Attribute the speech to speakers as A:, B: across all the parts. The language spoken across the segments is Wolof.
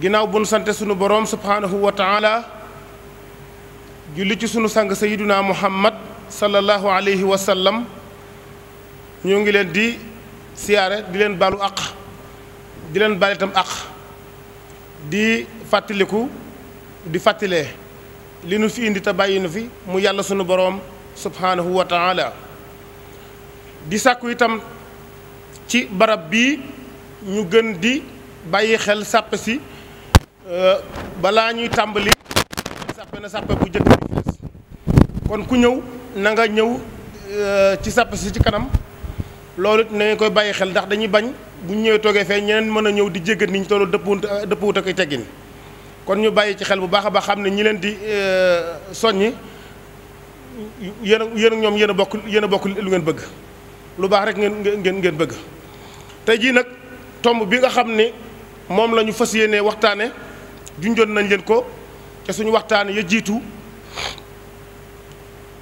A: ginnaaw bu nu sante sunu boroom subhaanahu wa taala julli ci sunu sang sayiduna muhammad sallallahu alayhi wa sallam ñoo ngi leen di siyaare di leen baalu àq di leen baal itam àq di fàttaliku di fàttalee li nu fi indi te bàyyi na fi mu yàlla sunu boroom subhaanahu wa taala di sàkku itam ci barab bii ñu gën di bàyyi xel sàpp si Euh, balaa ñuy tàmbali sàppe na sàppe bu jëkk bi fees kon ku ñëw nanga nga ñëw euh, ci sàppe si ci kanam loolu it na koy bàyyi xel ndax dañuy bañ bu ñu ñëwee toogee fee ñeneen mën a ñëw di jéggat ni ñu toll dëppuwut euh, dëppuwut ak teggin kon ñu bàyyi ci xel bu baax a baax xam ne ñi leen di soññi yéen a yéen ak ñoom yéen a bokk yéen a bokk lu ngeen bëgg lu baax rek ngeen ngeen ngeen bëgg te jii nag tomb bi nga xam ne moom lañu ñu fas yéenee waxtaane junjoon nañ leen ko ca suñu waxtaan ya jiitu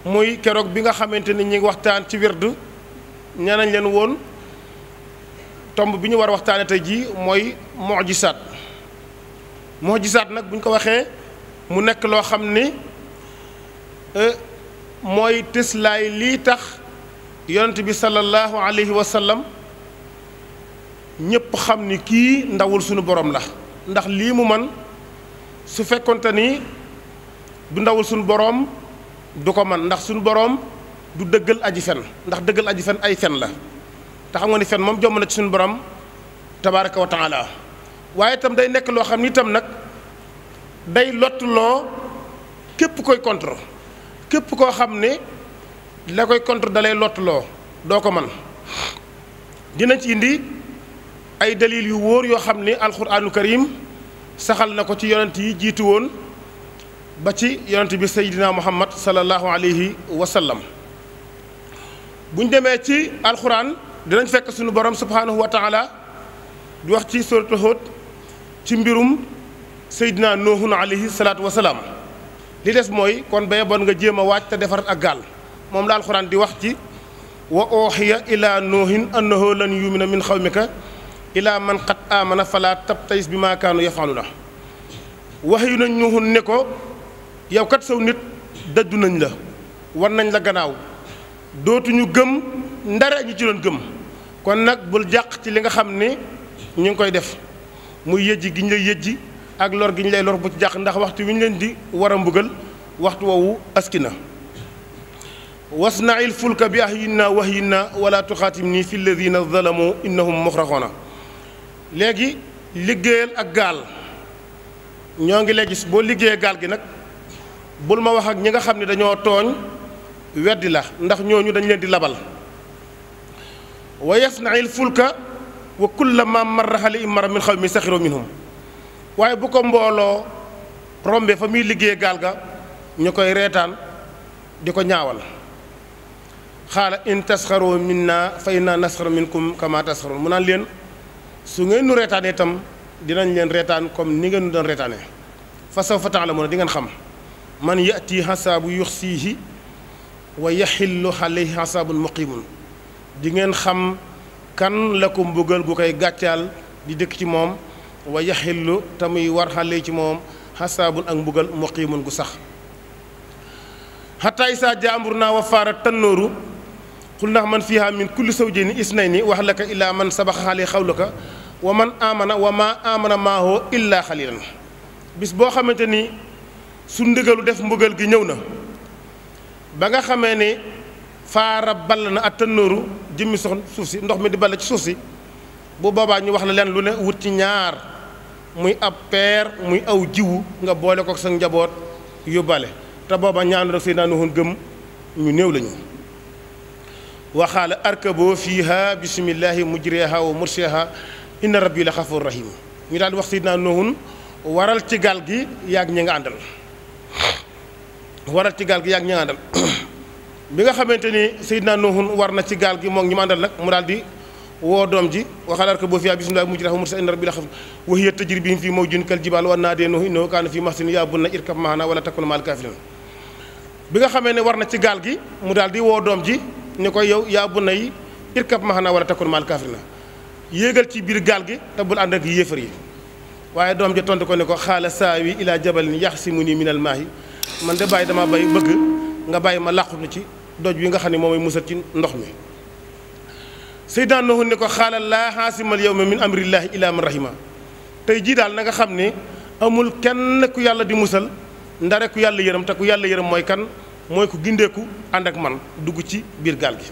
A: muy keroog bi nga xamante ni ñi ngi waxtaan ci wird nee nañ leen woon tomb bi ñu war a waxtaane tey jii mooy mojisaat mojisaat nag bu ko waxee mu nekk loo xam ni e, mooy tëslaay lii tax yonent bi sallallahu alayhi wa ñépp xam ni kii ndawul suñu borom la ndax lii mu man su fekkonte ni du ndawul suñu boroom du ko man ndax suñu boroom du dëggal aji fen ndax dëggal aji fen ay fen la te xam nga ni fen moom jomb na ci suñu boroom tabaaraka wa taala waaye itam day nekk loo xam ni itam nag day lottuloo képp koy contre képp koo xam ne la koy contre dalay lottuloo doo ko man dinañ ci indi ay dalil yu wóor yoo xam ne alxuraanu karim saxal na ko ci yonent yi jiitu woon ba ci yonent bi seydina muhammad sallallahu alayhi wa sallam bu ñu demee ci alxuraan dinañ fekk suñu borom subhaanahu wa taala di wax ci suratul ci mbirum seydina nuuhun alayhi salaatu wa salaam li des mooy kon bay bon nga jéem a waaj te defar ak gaal moom la alxuraan di wax ci wa ooxiya ila nuuhin annahu lan yumina min xawmika ilaa man xat aamana falaa tabtais bi maa kaanu yafaluna wax yu nañ ñu ne ko yow kat saw nit dëddu nañ la war nañ la gannaaw dootuñu gëm ndara ñu ci doon gëm kon nag bul jàq ci li nga xam ne ñu ngi koy def muy yëjji gi ñu lay yëjji ak lor gi ñu lay lor bu ci jàq ndax waxtu wi ñu leen di wara a mbugal waxtu woowu aski na wasnail fulka bi ahyinna wahyinna wala tuxaatim nii fi lladina zalamu innahum muxraxoona léegi liggéeyal ak gaal ñoo ngi gis boo liggéeyee gaal gi nag bul ma wax ak ñi nga xam ne dañoo tooñ weddi la ndax ñooñu dañ leen di labal wa yasnail fulka wa kullama marraxali imara min xaw mi saxiru minhum waaye bu ko mbooloo rombe fa muy liggéey gaal ga ñu koy reetaan di ko ñaawal xaala in tasxaru minna fa inna nasxaru minkum kama tasxarun mu naan leen su ngeen nu reetaanee itam dinañ leen reetaan comme ni ngeen nu doon reetaanee fa sawfa ta'lamuuna di ngeen xam man ya'tii xasaabu yuxsiihi wa yaxillu alayhi xasaabun muqiimun di ngeen xam kan la ko mbugal gu koy gàccaal di dëkk ci moom wa yaxillu te muy war xale ci moom xasaabun ak mbugal muqiimun gu sax xataa sa jaambur naa wa faara tannooru xul ndax man fiiha min kulli sawjayni ni wax ko illaa man sabaxa xale xawlaka wa man amana wa maa amana maahoo illaa xalilan bis boo xamante ni su ndigalu def mbugal gi ñëw na ba nga xamee ni faara bal na ak tënnooru jëmmi sox suuf si ndox mi di ball ci suuf si bu boobaa ñu wax la leen lu ne wut ci ñaar muy ab peer muy aw jiwu nga boole ko sa njaboot yóbbaale te booba ñaanu rek say naa gëm ñu néew lañu waxaala arkaboo fiiha bisimillahi mujriha wa mursiha inna rabbi la xafur rahim ñu daal wax wax naa Nuhun waral ci gaal gi yàgg ñi nga àndal gaal gi yàgg ñi nga àndal bi nga xamante ni sidna Nuhun war na ci gaal gi moom ñi ma àndal nag mu daal di woo doom ji waxaala arkaboo fiiha bisimillahi mujriha wa mursiha inna rabbi la xafur wa hiya tajri bihim fii mawjin kal jibaal wa naadee Nuhu innahu kaana fii mahsin yaa bunayya irkab maana wala takun ma'al kaafiriin bi nga xamee ne war na ci gaal gi mu daal di woo doom ji ni koy yow yaa bu nay irkab maxanaa wala takun maal kaafirina yéegal ci biir gaal gi te bul ànd ak yéefar yi waaye doom ja tontu ko ne ko xaala saawi ilaa jabalin yaxsimuni minal maahi man de bàyyi dama bay bëgg nga bàyyi ma làqutu ci doj wi nga xam ne moom mooy musal ci ndox mi Seydina Nuhu ne ko xaala laa xaasimal yawma min amrillaahi ilaa man rahima tey jii daal na nga xam ne amul kenn ku yàlla di musal ndare ku yàlla yërëm te ku yàlla yërëm mooy kan mooy ku gindeeku ànd ak man dugg ci biir gaal gi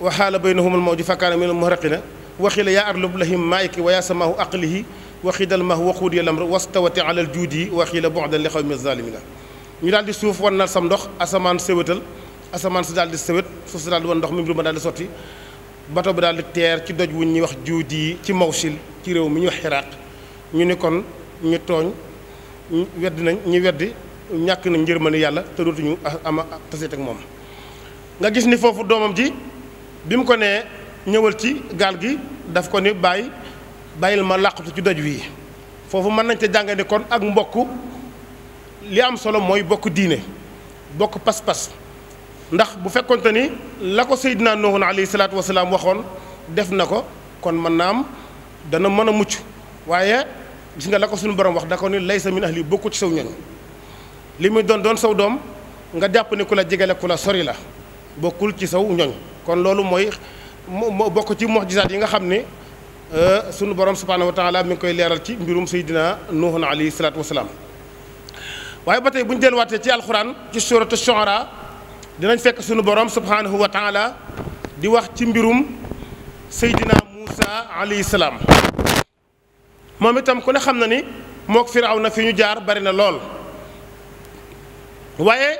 A: bay na waxaala baynahum almawju fakaana min almuhraqina waxila yaa arlub lahim maayki wa yaa samaahu aqlihi waxidal mahu waquudiya lamr wastawati ala aljuudi waxila bu'dan li xawmi zalimina ñu daal di suuf wan na sam ndox asamaan séwétal asamaan si daal di séwét suuf si daal di wan ndox mi mbir ma daal di sotti bato bi daal di teer ci doj wuñ ñuy wax juudi yi ci sil ci réew mi ñu wax xiraaq ñu ni kon ñu tooñ weddi nañ ñu weddi ñàkk na njërmande yàlla te am ama taseet ak moom nga gis ni foofu doomam ji bi mu ko nee ñëwal ci gaal gi daf ko ni bàyyi bàyyil ma làqatu ci doj wi foofu mën nañ te jànge kon ak mbokk li am solo mooy bokk diine bokk pas-pas ndax bu fekkonte ni la ko Seydina Nuhun alayhi salaatu wasalaam waxoon def na ko kon mën naa am dana mën a mucc waaye gis nga la ko suñu borom wax da ko ni laysa min ahli bokku ci saw ñoñ li muy doon doon saw doom nga jàpp ni ku la jegale ku la sori la bokkul ci saw ñoñ kon loolu mooy moo bokk ci mu'jizaat yi nga xam ne euh, sunu borom subhaanahu wa taala mi ngi koy leeral ci mbirum Seydina Nuuhun alayhi salaatu wa salaam waaye ba tey bu ñu delluwaatee ci alxuraan ci suuratu Shu'araa dinañ fekk sunu borom subhaanahu wa taala di wax ci mbirum Seydina Muusaa alayhi salaam moom itam ku ne xam na ni mook na fi ñu jaar bari na lool. waaye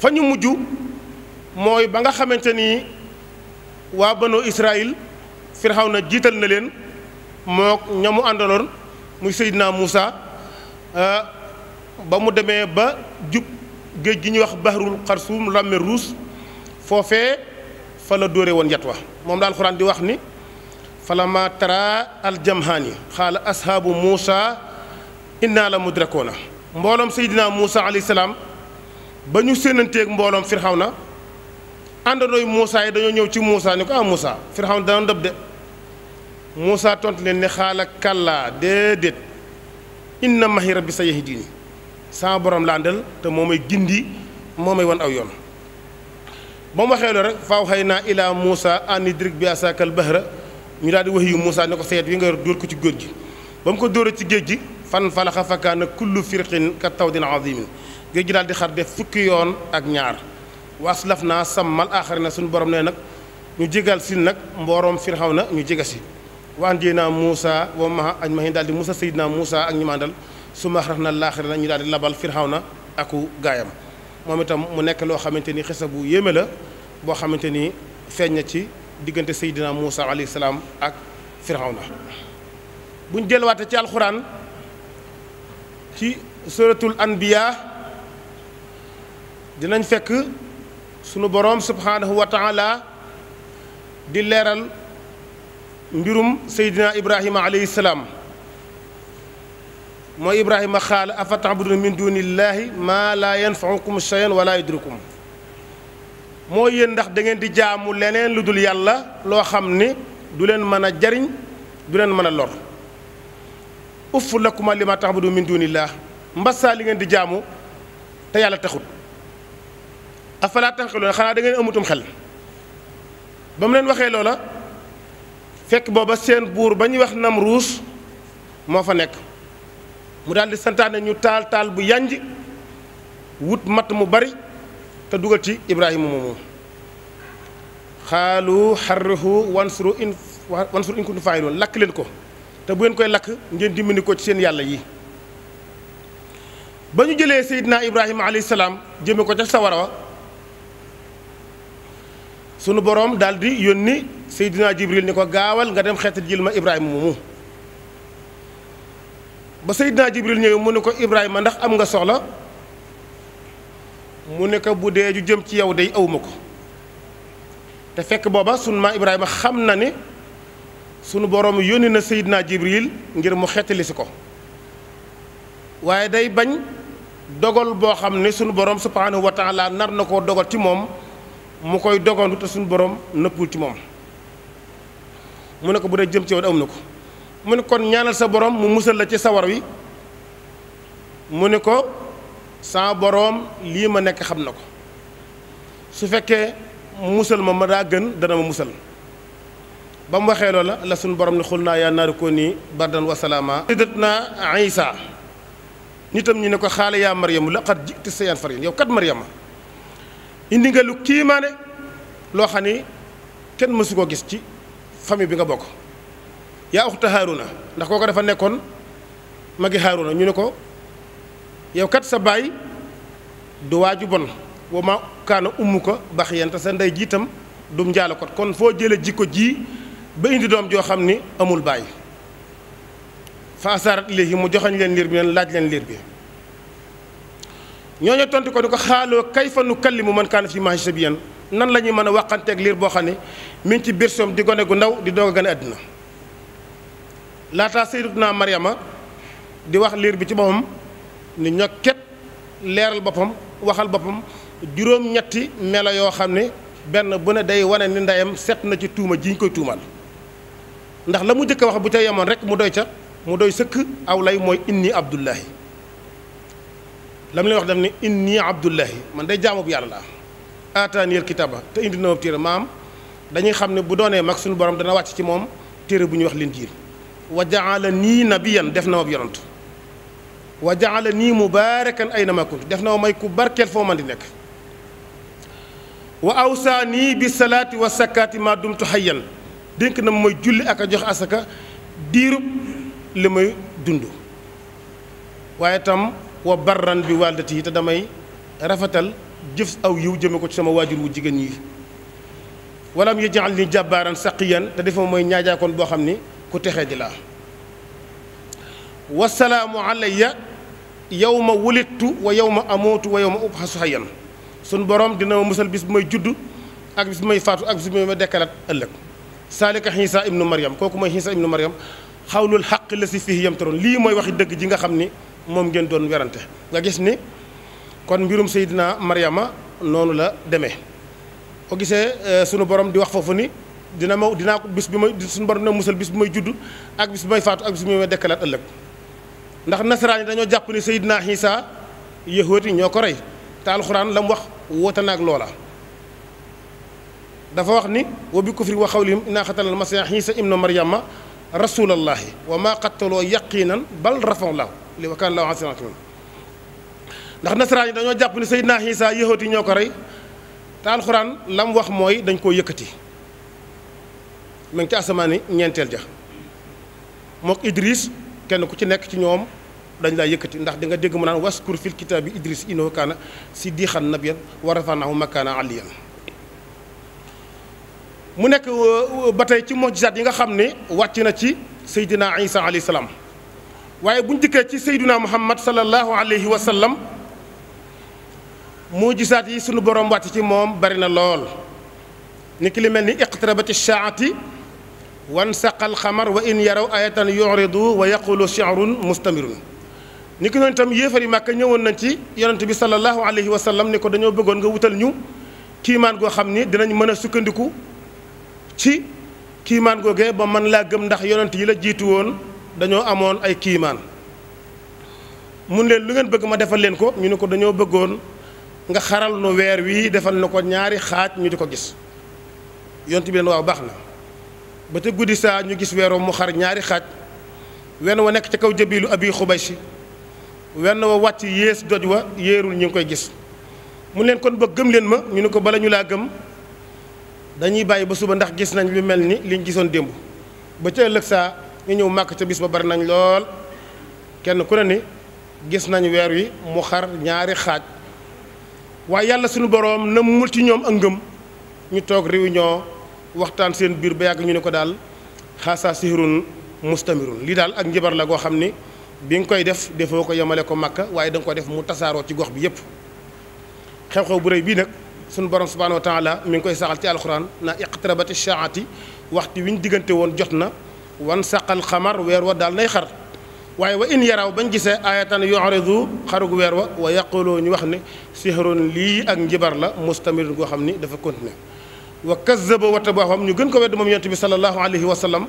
A: fa ñu mujj mooy ba nga xamante ni waa banu Israël na jiital na leen moo ñamu àndaloon muy Seydina Muusa ba mu demee ba jub géej gi ñuy wax bahrul xarsum la mer Rouge foofee fa la dóore woon yat wa moom la alxuraan di wax ni falammaa taraa aljamhaani xaala ashaabu Muusa innaa la mu mudrakoona mbooloom Seydina Muusa alayhi salaam ba ñu séenanteeg mbooloom na àndandooy Moussa yi dañoo ñëw ci Moussa ni ko ah Moussa Firxawna dana dëb de Moussa tontu leen ne xaala kàllaa déedéet inna mahi bi sa yahdini sama borom laa ndal te moo may gindi moo may wan aw yoon ba mu waxee loolu rek faaw xay naa ilaa Moussa an idrik bi asakal bahra ñu daal di wax yu Moussa ne ko sayet yi nga dóor ko ci géej gi ba mu ko dóoree ci géej gi fan falaxa fa kaana kullu firqin ka tawdin azimin géej gi daal di xar def fukki yoon ak ñaar waa waslaf naa sàmmal aaxari na suñu borom ne nag ñu jégal si nag mbooroom firxaw na ñu jéga si waandee naa Moussa wa maha ajmahin daal di musa Seydina Moussa ak ñu maandal su ma rax na laaxari na ñu daal di labal firxaw na aku gaayam moom itam mu nekk loo xamante ni xisa bu yéeme la boo xamante ni feeñ na ci diggante Seydina Moussa alayhi salaam ak firxaw na buñ delluwaate ci alxuraan ci suratul anbiya dinañ fekk sunu boroom subhaanahu wa di leeral mbirum seydina ibrahima alayhi salaam mooy ibrahima xaala afa taabuduna min dunillahi maa laa yanfaukum cheyan wala yudrikum moo yéen ndax dangeen di jaamu leneen lu dul yàlla loo xam ni du leen mën a jariñ du leen mën a lor uff lakuma li ma taabuduna min dunillah mbassaa li ngeen di jaamu te yàlla taxut afalaa tanqiloon xanaa da ngeen amutum xel ba mu leen waxee loola fekk booba seen buur ba ñuy wax Namruus moo fa nekk mu daal di santaane ñu taal taal bu yànj wut matt mu bari te dugal ci Ibrahima moomu xaalu xarrihu wansuru in wansuru in kuntum faa'iloon lakk leen ko te bu ngeen koy lakk ngeen dimbali ko ci seen yàlla yi ba ñu jëlee naa Ibrahima alayhi salaam jëme ko ca sawara wa sunu boroom daal di yónni Seydina Jibril ni ko gaawal nga dem xeetal jil ma Ibrahima moomu ba Seydina Jibril ñëwee mu ne ko Ibrahima ndax am nga soxla mu ne ko bu dee ju jëm ci yow day awma ko te fekk booba sunu ma Ibrahima xam na ni sunu boroom yónni na Seydina Jibril ngir mu xeetali si ko waaye day bañ dogal boo xam ne sunu boroom subhaanahu wa taala nar na koo dogal ci moom mu koy dogandu te suñu boroom nëppul ci moom mu ne ko bu dee jëm ci yow am na ko mu ne kon ñaanal sa borom mu musal la ci sawar wi mu ne ko saa boroom lii ma nekk xam na ko su fekkee musal ma ma daa gën dana ma musal ba mu waxee loola la suñu borom ne xul naa yaa naaru koo nii bardan wasalaama sidat naa nitam ñi ne ko xaale yaa Maryamu laqad ji'ti shay'an fariyan yow kat Maryama indi nga lu kiimaane loo xam ni kenn mësu ko gis ci famille bi nga bokk yaa xaaru na ndax ko dafa nekkoon magi xaaru na ñu ne ko yow kat sa baay du waaju bon wa ma kaana ummu ko bax yente sa ndey jiitam dum njaalo kot kon foo jële jikko ji ba indi doom joo xam ni amul baay fa asarat ilayhi mu joxañ leen liir bi leen laaj leen liir bi ñoo ñooñu tontu ko ni ko xaaloo kayfa nu kallimu man kaana fii mahdi sabiyan nan la ñuy mën a waxanteeg liir boo xam ne mi ci biir soom di gone gu ndaw di doog a gane àddina laataa sayyidatuna Maryama di wax liir bi ci boppam ni ñokket leeral boppam waxal boppam juróom-ñetti melo yoo xam ne benn bu ne day wane ni ndeyam seet na ci tuuma ji ñu koy tuumal ndax la mu jëkk a wax bu ca yemoon rek mu doy ca mu doy sëkk aw lay mooy inni Abdullahi. lam lay wax daf ne inni abdullahi man day jaamu bu yàlla laa aataaniyal kitaba te indi na ma téere maam dañuy xam ne bu doonee mag suñu borom dana wàcc ci moom téere bu ñuy wax linjiil wa jaala nii nabiyan def na ma yonant wa jaala nii mubaarakan ayna ma kuntu def na ma may ku barkeel foo man di nekk wa awsaa nii bi salaati wa sakkaati ma dumtu hayyan dénk na mooy julli ak a jox asaka diirub li may dund waaye tam wa barran bi wàldati yi te damay rafetal jëf aw yiw jëme ko ci sama waajur wu jigéen yi walam yaj'al ni jàbbaaran saqiyan te defam mooy ñaajaakoon boo xam ni ku texee di laa wasalaamu alayya yow ma wulittu wa yow ma amootu wa yow ma ubxasu hayyan sunu borom dina ma musal bis bu may judd ak bis bu may faatu ak bis bu may dekkalaat ëllëg saalika xiisa ibnu mariam kooku mooy xiisa ibnu mariam xawlul xaq la si fii yam taroon lii mooy waxi dëgg ji nga xam ni moom ngeen doon werante nga gis ni kon mbirum naa Maryama noonu la demee boo gisee euh, sunu borom di wax foofu ni dina ma dinaa ko bis bi may sunu borom dina musal bis bi may judd ak bis bi may faatu ak bis bi may dekkalaat ëllëg ndax nasaraan yi dañoo jàpp ni Seydina Isa yahuud yi ñoo ko rey te alxuraan la mu wax woote na ak loola. dafa wax ni wa bi kufri wa xawlihim inna xatalal masiix ma ibnu maryama rasulallahi wa maa qataloo yaqinan bal rafon lahu li wa kaana Allaahu aziizan hakiiman ndax nasaraan yi dañoo jàpp ni Seydina Isa yëhët yi ñoo ko rey te alxuraan lam wax mooy dañ koo yëkkati ma ngi ci asamaani ñeenteel ja mook Idris kenn ku ci nekk ci ñoom dañ laa yëkkati ndax di nga dégg mu naan waskur fil kitaabi Idris innahu kaana si siddiqan nabiyyan wa rafa'naahu makaanan aliyyan mu nekk ba tey ci mujjizaat yi nga xam ne wàcc na ci Seydina Isa alayhi salaam waaye bu dikkee ci sayduna muhammad sallallahu alayhi wa sallam mujisaat yi sunu borom wàcc ci moom bari na lool ni ki li mel ni iqtarabati shaati wan saqal xamar wa in yaraw ayatan yuridu wa yaqulu shi'run mustamirun ni ki noonu itam yéefar yi màkka ñëwoon nañ ci yonent bi sallallahu alayhi wa sallam ni ko dañoo bëggoon nga wutal ñu kiimaan goo xam ni dinañ mën a sukkandiku ci kiimaan googee ba mën laa gëm ndax yonent yi la jiitu woon dañoo amoon ay kiimaan mun leen lu ngeen bëgg ma defal leen ko ñu ne ko dañoo bëggoon nga xaral nu weer wii defal na ko ñaari xaaj ñu di ko gis yont bi leen waaw baax na ba ca guddi saa ñu gis weeroom mu xar ñaari xaaj wenn wa nekk ca kaw jëbilu abi xubay si wenn wa wàcc yées doj wa yéerul ñu ngi koy gis mu leen kon ba gëm leen ma ñu ne ko bala ñu laa gëm dañuy bàyyi ba suba ndax gis nañ lu mel ni liñ gisoon démb ba ca ëllëg saa ñu ñëw màkk ca bis ba bari nañ lool kenn ku ne ni gis nañ weer wi mu xar ñaari xaaj waaye yàlla suñu boroom na mul ci ñoom ak ngëm ñu toog réunion waxtaan seen biir ba yàgg ñu ne ko daal xaasaa sihirun mustamirun lii daal ak njabar la goo xam ni bi nga koy def defoo ko yemale ko màkk waaye da nga ko def mu tasaaroo ci gox bi yépp xew-xew bu rëy bii nag suñu borom subhanahu wa taala mi ngi koy saxal ci alxuraan naa iqtarabati shaati waxtu wi ñu diggante woon jot na wan saqal xamar weer wa daal nay xar waaye wa in yaraw bañ gisee ayatan yuridu xarug weer wa wa yaquloo ñu wax ne sihrun lii ak njibar la mustamirun goo xam ni dafa continuer wa kazzaba wa tabaxam ñu gën ko wedd moom yonent bi sallallahu alayhi wa sallam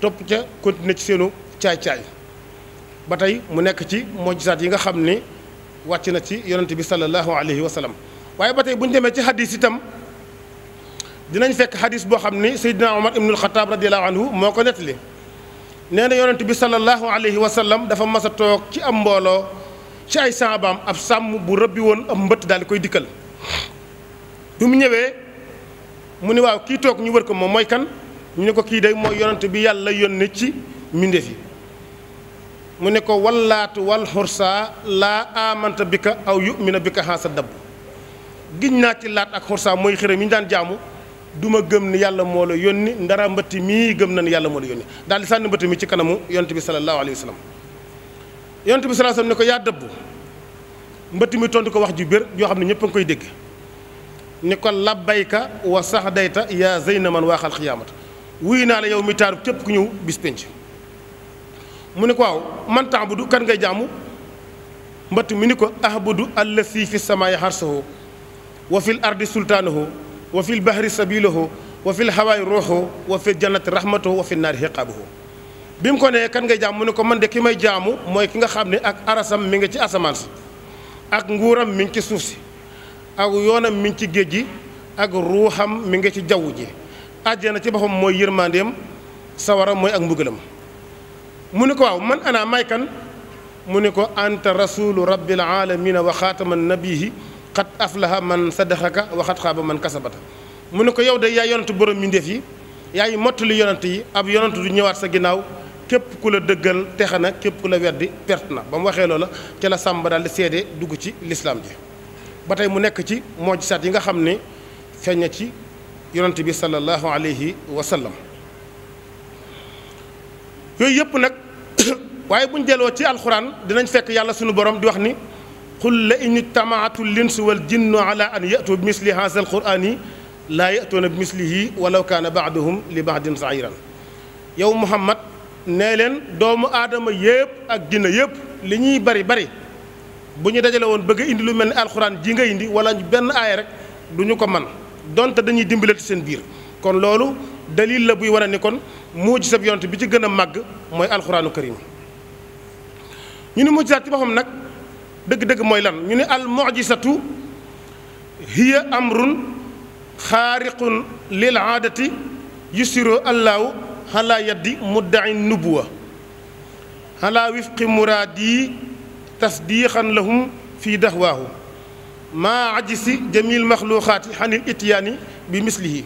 A: topp ca continuer ci seenu caay-caay ba tey mu nekk ci mojisaat yi nga xam ni wàcc na ci yonent bi sallallahu alayhi wa sallam waaye ba tey bu ñu ci hadis itam dinañ fekk xadis boo xam ni Seydina Omar ibnul Xataab radiyallahu anhu moo ko nettali nee na yonent bi sallallahu alayhi wa sallam dafa mas a toog ci am mbooloo ci ay saabaam ab sàmm bu rëbbi woon am mbëtt daal di koy dikkal bi mu ñëwee mu ne waaw kii toog ñu wër ko moom mooy kan ñu ne ko kii day mooy yonent bi yàlla yónni ci mbindeef yi mu ne ko wallaat wal xursaa laa amanta bi ka aw yumina bi ka xaasa dabb giñ naa ci laat ak xursaa mooy xërëm yi ñu daan jaamu du ma gëm ne yàlla moo la yónni ndara mbëtt mii gëm na ni yàlla moo la yónni daal di sànni mbëtt mi ci kanamu yonent bi sallallahu alayhi wa sallam yonent bi sallallahu alayhi wa ko yaa dëbbu mbëtt mi tontu ko wax ju bér yoo xam ne ñëpp a koy dégg ni ko labbayka wa sax dayta yaa zeyna man waaxal xiyaamata wuy naa la yow mi taaru képp ku ñëw bis penc mu ne ko waaw man ta'budu kan ngay jaamu mbëtt mi ni ko ahbudu allasi fi samaay xarsahu wa fil ardi sultaanahu wa fil bahri sabiluhu wa fil hawaay ruuxu wa fil jannati rahmatuhu wa fin naari hiqaabuhu bi mu ko nee kan ngay jaam mu ne ko man de ki may jaamu mooy ki nga xam ne ak arasam mi nga ci asamaan si ak nguuram mi ngi ci suuf si ak yoonam mi ngi ci géej gi ak ruuxam mi nga ci jaww ji na ci boppam mooy yërmandeem sawara mooy ak mbugalam mu ne ko waaw man ana may kan mu ne ko anta rasulu rabbil alamina wa xaatama nabihi xat aflaha man sa sadaxaka waxat ba man kasabata mu ne ko yow de yaa yonent borom mbindéef yi yaay mottali yonent yi ab yonent du ñëwaat sa ginnaaw képp ku la dëggal texe na képp ku la weddi perte na ba mu waxee loola ca la sàmba daal di seede dugg ci lislaam ji ba tey mu nekk ci mujjisaat yi nga xam ne feeñ na ci yonent bi sallallahu alayhi wa sallam yooyu yëpp nag waaye buñ delloo ci alxuraan dinañ fekk yàlla sunu borom di wax ni qul la in ijtamaatu linsu wal jinnu ala an yatu bi misli haza al qurani laa yatuuna bi mislihi walaw kaana baaduhum li sa sairan yow muhammad nee leen doomu aadama yépp ak jinne yépp li ñuy bari bari bu ñu dajale woon bëgg indi lu mel ni alxuraan ji nga indi wala benn aaya rek du ñu ko man donte dañuy dimbalati seen biir kon loolu dalil la buy wane ni kon sa yonent bi ci gën a màgg mooy alxuraanu karim ñu ni muujisat ci boppam nag dëgg-dëgg mooy lan ñu ne al mujisatu hiya amrun xaariqun lil aadati yusiro allahu ala yaddi muddaci nubuwa ala wifqi muraadi tasdiqan lahum fi dahwaahu maa ajisi jamil maxluuqaati xanil ityaani bi mislihi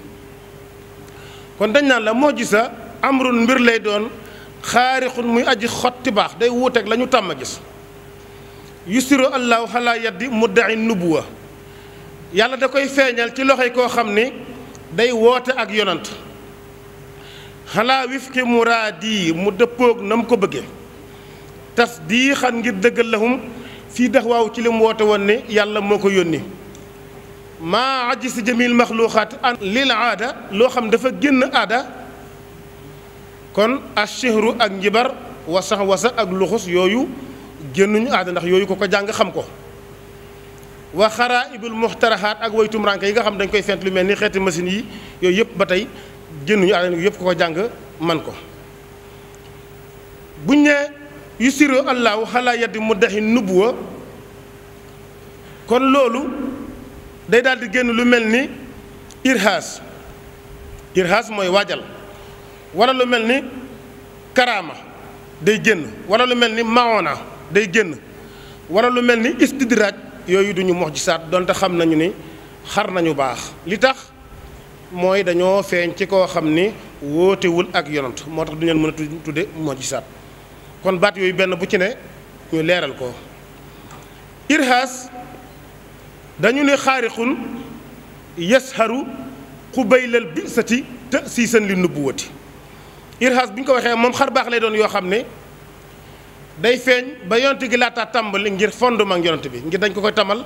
A: kon dañ naan la mujisa amrun mbir lay doon xaariqun muy aji xotti baax day wuuteeg la tàmm gis yusiru allahu xalaa yaddi muddaci nubuwa yàlla da koy feeñal ci loxo yi koo xam ni day woote ak yonant xalaa wifqi muraadi mu dëppoog na mu ko bëgge tas dii xan ngir dëggal lahum fii dex waaw ci li woote woon ne yàlla moo ko yónni maa aji si jamil maxluuxaat an lil aada loo xam dafa génn aada kon ashihru ak njibar wasax wasax ak luxus yooyu génnuñu aada ndax yooyu ko ko jàng xam ko wa xaraa ibul muxtaraxaat ak woy tumranke yi nga xam dañ koy fent lu mel ni xeeti machines yi yooyu yëpp ba tey génnuñu aada yëpp ko ko jàng man ko buñ ne yu siro allahu xalaa yaddi mu dexi nubuwa kon loolu day daal di génn lu mel ni irhaas irhaas mooy waajal wala lu mel ni karaama day génn wala lu mel ni maona day génn wala lu mel ni istidraaj yooyu duñu mox ji saat doonte xam nañu ni xar nañu baax li tax mooy dañoo feeñ ci koo xam ni wóotewul ak yonant moo tax du ngeen mën a tudde mox ji saat kon baat yooyu benn bu ci ne ñu leeral ko irhaas dañu ne xaariqun yasharu xubaylal bi sati te siisan li nubbuwati irhaas bi ñu ko waxee moom xar baax lay doon yoo xam ne day feeñ ba yonent gi laataa tàmbali ngir fondement ak yonent bi ngir dañ ko koy tamal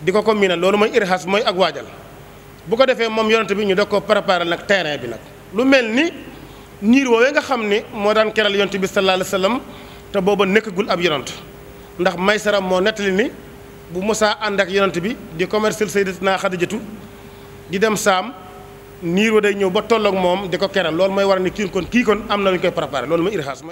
A: di ko ko miinal loolu mooy irhas mooy ak waajal bu ko defee moom yonent bi ñu da ko préparer nag terrain bi nag. lu mel ni niir woowee nga xam ni moo daan keral yonent bi sa alayhi wa sallam te booba nekkagul ab yonent ndax may Maysara moo nettali ni bu Musaa ànd ak yonent bi di commercial Sayyidatina Xadijatu di dem saam niir wa day ñëw ba tolloog moom di ko keral loolu mooy war ni kii kon kii kon am na lu ñu koy préparer mooy irhas